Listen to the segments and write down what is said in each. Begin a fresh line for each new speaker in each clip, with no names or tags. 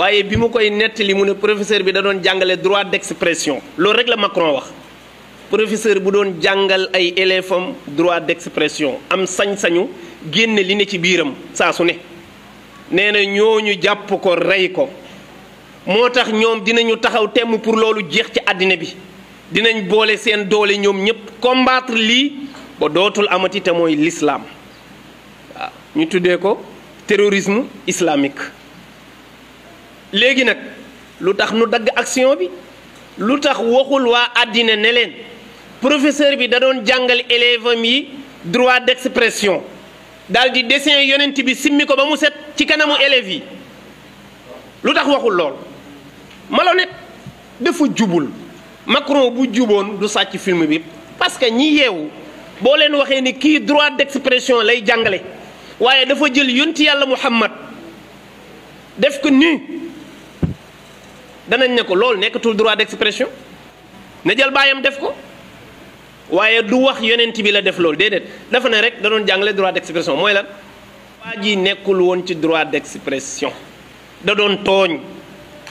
waaye bi mu koy nettali mu ne professeur bi da doon jàngale droit d'expression loolu rek la Macron wax professeur bu doon jàngal ay élèves am droit d'expression am sañ-sañu génne li ne ci biiram saa su ne nee na ñoo ñu jàpp ko rey ko moo tax ñoom dinañu taxaw temm pour loolu jeex ci àddina bi dinañ boole seen doole ñoom ñëpp combattre lii ba dootul amati te mooy lislaam waaw ñu tuddee ko terrorisme islamique léegi nag lu tax nu dagg action bi lu tax waxul waa àddina ne leen professeur bi da doon jàngal élève am yi droit d'expression daal di dessin yonent bi simmi ko ba mu set ci kanamu élèves yi lu tax waxul lool malhonnête dafa jubul Macron bu juboon du sàcc film bi parce que ñi yeewu boo leen waxee ni kii droit d'expression lay jàngale waaye dafa jël yonti yàlla Muhammad def ko nu danañ ne ko loolu nekkatul de d'expression ne jël baayam def ko waaye du wax yonent bi la def loolu déedéet dafa ne rek da doon jàngale de d'expression mooy lan waa ji nekkul woon ci droit d'expression da doon tooñ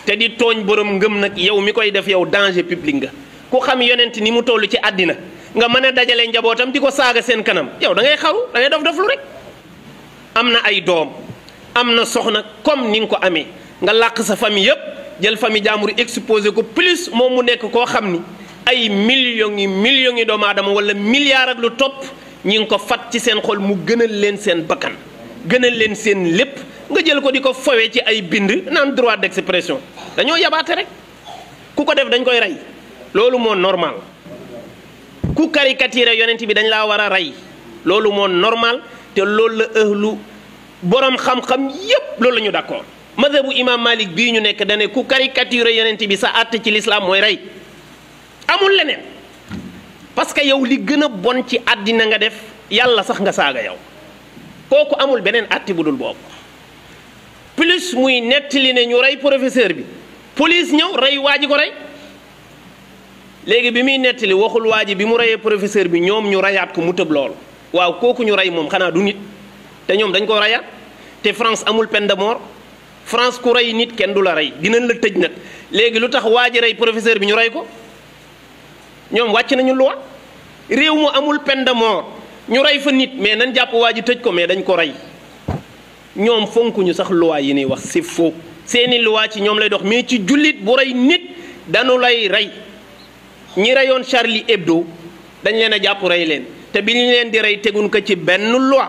te di tooñ borom ngëm nag yow mi koy def yow danger publique nga ku xam yonent ni mu toll ci àddina nga mën a dajale njabootam di ko saaga seen kanam yow da ngay xaru da ngay dof dof lu rek am na ay doom am na soxna comme ni nga ko amee nga làq sa famille yëpp jël fami jaamur exposé ko plus moom mu nekk koo xam ay million yi million yi doomu aadama wala milliard ak lu top ñi ngi ko fat ci seen xol mu gënal leen seen bakan gënal leen seen lepp nga jël ko di ko ci ay bind nan droit d'expression dañu yabaté rek ku ko def dañ koy ray lolu mo normal ku caricature yonent bi dañ la wara ray lolu mo normal té lolu ehlu, borom xam-xam yépp lolu lañu d'accord madhabu imam malik bii ñu nekk dane ku caricature yonent bi sa àtt ci lislaam mooy rey amul leneen parce que yow li gën a bon ci àddina nga def yàlla sax nga saaga yow kooku amul beneen àtti bu dul boobu plus muy nettali ne ñu rey professeur bi police ñëw rey waa ji ko rey léegi bi muy nettali waxul waaj bi mu reyee professeur bi ñoom ñu rayaat ko mu tëb loolu waaw kooku ñu rey moom xanaa du nit te ñoom dañ ko rayaat te France amul peine de France ku rey nit kenn du la rey dinañ la tëj nag léegi lu tax waa ji rey professeur bi ñu rey ko ñoom wàcc nañu loi réew mu amul peine de mort ñu rey fa nit mais nañ jàpp waa ji tëj ko mais dañ ko rey ñoom fonkuñu sax loi yi ni wax c'est faux seeni loi ci ñoom lay dox mais ci jullit bu rey nit dañu lay rey ñi reyoon Charlie Hebdo dañ leen a jàpp rey leen te bi ñu leen di rey teguñ ko ci benn loi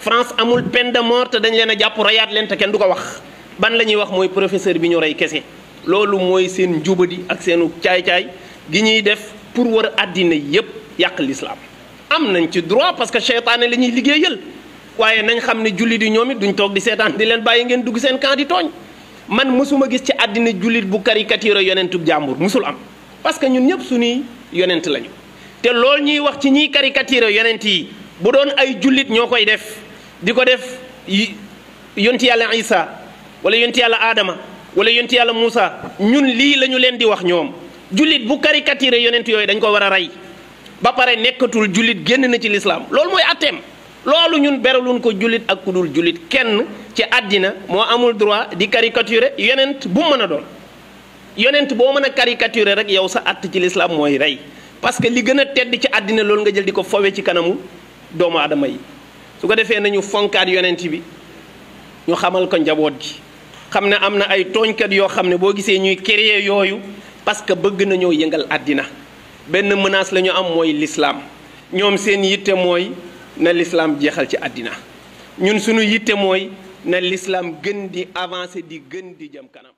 France amul peine de mort te dañ leen a jàpp reyaat leen kenn du ko wax ban la ñuy wax mooy professeur bi ñu rey kese loolu mooy seen njubadi ak seenu caay-caay gi ñuy def pour war a àddina yépp yàq lislaam am nañ ci droit parce que seytaane la ñuy liggéeyal waaye nañ xam ne jullit yi ñoom it duñ toog di seetaan di leen bàyyi ngeen dugg seen camp di tooñ man mësuma gis ci àddina jullit bu caricature yonentub jàmbur mësul am parce que ñun ñëpp suñuy yonent lañu te lool ñuy wax ci ñiy caricature yonent yi bu doon ay jullit ñoo koy def di ko def yonti yàlla Isa wala yonti yalla adama wala yonti yalla musa ñun li lañu leen di wax ñom julit bu caricaturé yonent yoy dañ ko wara ray ba pare nekatul julit genn na ci l'islam lool moy atem loolu ñun beraluñ ko julit ak kudul julit kenn ci adina mo amul droit di caricaturer yonent bu meuna do yonent bo meuna a rek yow sa att ci l'islam moy ray parce que li gën tedd ci adina loolu nga jël diko ko ci kanamu doomu adama yi su ko defé nañu fonkat yonent bi ñu xamal ko njabot gi xam ne am na ay tooñkat yoo xam ne boo gisee ñuy créer yooyu parce que bëgg nañoo yëngal àddina benn menace la ñu am mooy lislaam ñoom seen yitte mooy na lislaam jeexal ci àddina ñun suñu yitte mooy na lislaam gën di avancer di gën di jëm kanam